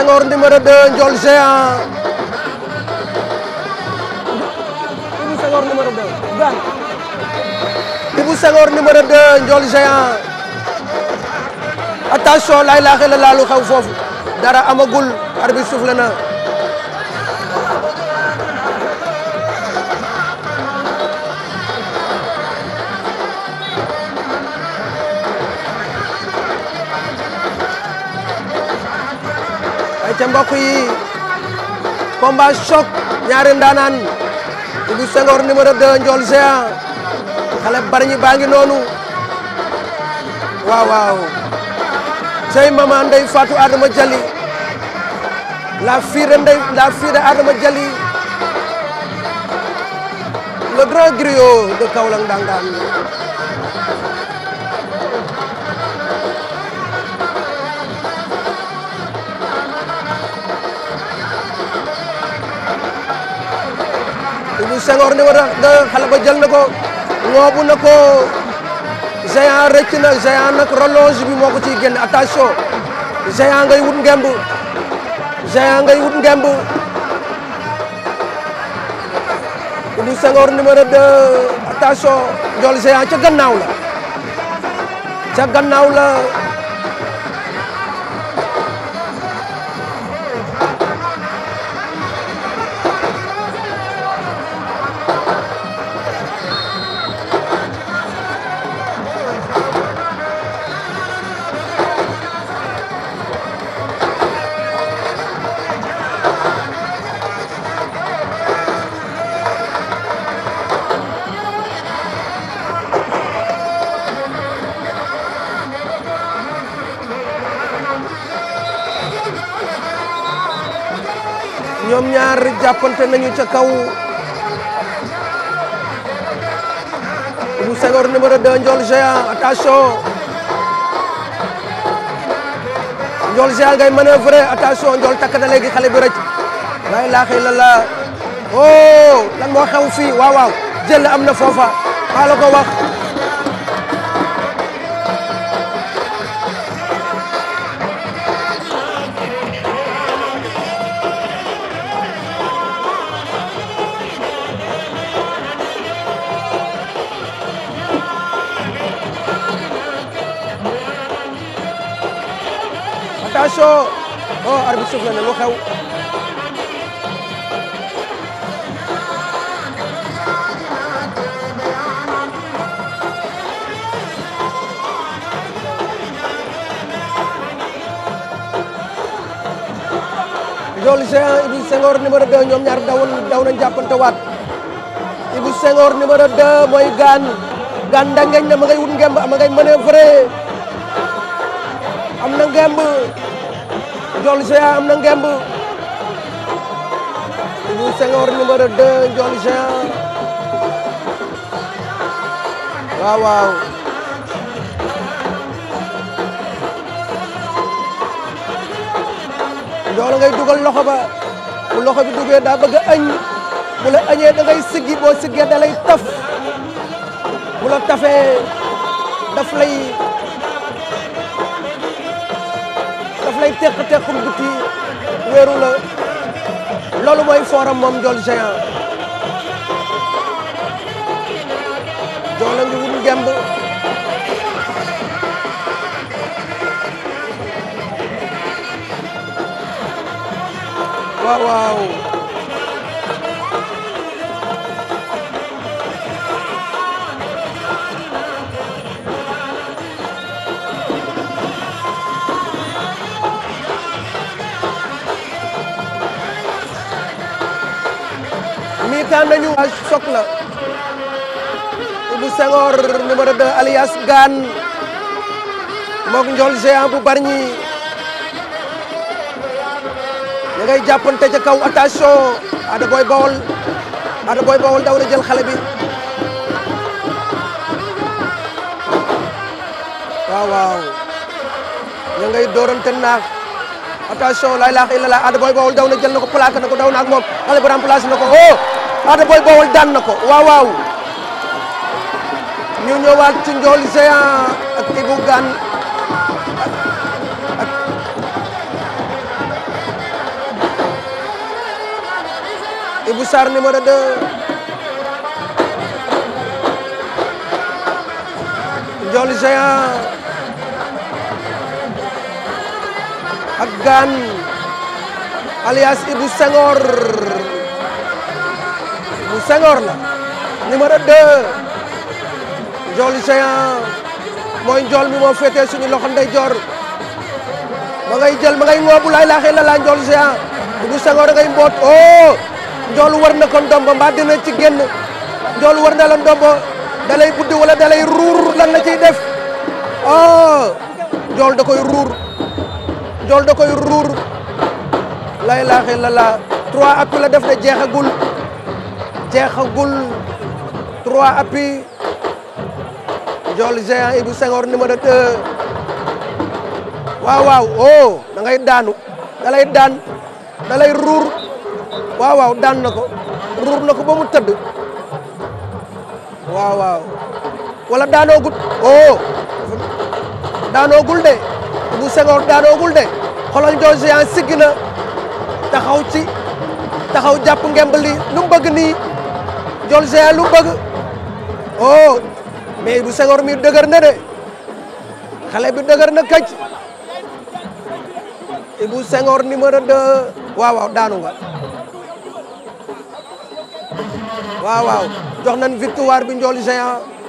Senghor numéro 2 Ndiol Géant. Ibou Senghor numéro 2 la laalu dara amagul arbitre soufflé na. ca mbokk yi combat choc ñaari ndaanaan Ibou Senghor numéro 2 Ndiol Géant xale bari ñi baa ngi noonu waaw waaw cey mama ndey Fatou Adama Jali la fille Adama Jali le grand griot de Kaolack Ndangaan Senghor numéro 2 xale ba jël na ko ngoobu na ko géant rëcc na géant nag relonge bi moo ko ciy génn attention géant ngay wut ngemb géant ngay wut ngemb du Senghor numéro 2 attention njool géant ca gannaaw la ca gannaaw la ñoom ñaar jàppante nañu ca kaw Ibou Senghor numéro 2 Ndiol Géant attention Ndiol Géant ngay manœuvrer attention Ndiol takk na léegi xale bi rëcc laa ilaaha illallaah oh lan moo xew fii waaw waaw am na foofa maa la wax attention oh arbitre soufflé na lu xew loolu géant Ibou Senghor numéro 2 ñoom ñaar dawoon daw nañ jàppante waat Ibou Senghor numéro 2 mooy gaan gaan ndangeñ na ma ngay wut ngemb ma ngay manœuvrer am na ngemb Ndiol Géant am na ngemb Ibou Senghor numéro 2 Ndiol Géant waaw waaw Ndiol ngay dugal loxo ba bu loxo bi duggee daa bëgg a añ bu la añee da ngay siggi boo siggee da lay taf bu la tafee daf lay lay teq tequm guddi wéeru la loolu mooy forum moom Ndiol Géant Ndiol a ngi wut ngemb waaw waxtaan nañu waa Sokla bu Senghor numéro 2 alias Gaan mook Ndiol géant bu Bargny da ngay jàppante ca kaw attention Ada Boy Baol Ada daw na jël xale bi waaw waaw da ngay doorante naax attention la ilaha illallah Ada Boy Baol daw na jël na ko plaqué na daw na ak moom xale bi remplacé na Ada Boy daan na ko waaw waaw ñu ñëwaat ci njool géant ak Ibou Gane ak Ibou Sarr njool géant ak Gane alias Ibou Senghor Léopold Senghor la numéro 2 Ndiol Géant mooy njool mi moo féetee suñu loxo ndeyjoor ma ngay jël ma ngay ngoobu laay laaxee la laa Ndiol Géant bu Senghor ngay mboot oh njool war na ko ndombo mbaa dina ci génn njool war na la ndombo dalay buddi wala dalay ruur lan la ciy def oh njool da koy ruur njool da koy ruur laay laaxee la laa trois appui la def na jeexagul. jeexagul trois appuis Ndiol géant Ibou Senghor numéro 2 waaw waaw oh da ngay daanu da daan da ruur waaw daan na ko ruur na ko ba mu tëdd waaw waaw wala daanoogul oh daanoogul de Ibou Senghor daanoogul de xoolal Ndiol géant siggi na taxaw ci taxaw jàpp ngemb li lu mu bëgg Ndiol Géant lu mu bëgg oh mais bu Senghor mi dëgër na de xale bi dëgër na këcc Ibou Senghor numéro 2 waaw waaw daanu nga waaw waaw jox nañ victoire bi Ndiol Géant